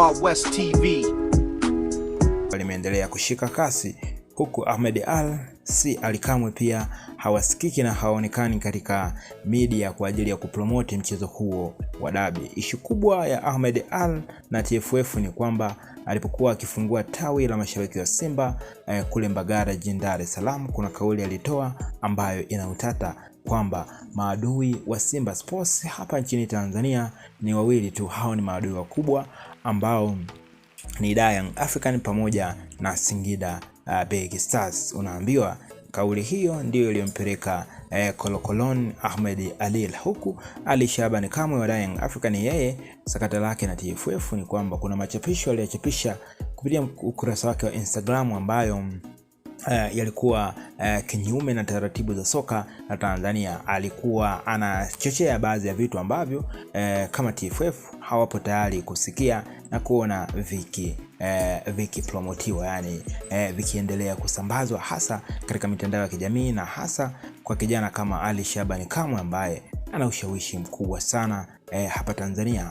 Wild West TV limeendelea kushika kasi huku Ahmed al si alikamwe pia hawasikiki na hawaonekani katika media kwa ajili ya kupromoti mchezo huo wa dabi. Ishu kubwa ya Ahmed al na TFF ni kwamba alipokuwa akifungua tawi la mashabiki wa Simba eh, kule Mbagara jijini Dar es Salaam, kuna kauli alitoa ambayo ina utata kwamba maadui wa Simba Sports hapa nchini Tanzania ni wawili tu. Hao ni maadui wakubwa ambao ni da Young African pamoja na Singida uh, Big Stars. Unaambiwa kauli hiyo ndiyo iliyompeleka eh, Kolokolon Ahmed Alil, huku Ali Shabani Kamwe wa Young African, yeye sakata lake na TFF ni kwamba kuna machapisho aliyochapisha kupitia ukurasa wake wa Instagram ambayo Uh, yalikuwa uh, kinyume na taratibu za soka la Tanzania. Alikuwa anachochea baadhi ya vitu ambavyo uh, kama TFF hawapo tayari kusikia na kuona viki uh, vikipromotiwa yani, uh, vikiendelea kusambazwa hasa katika mitandao ya kijamii na hasa kwa kijana kama Ali Shabani Kamwe ambaye ana ushawishi mkubwa sana uh, hapa Tanzania.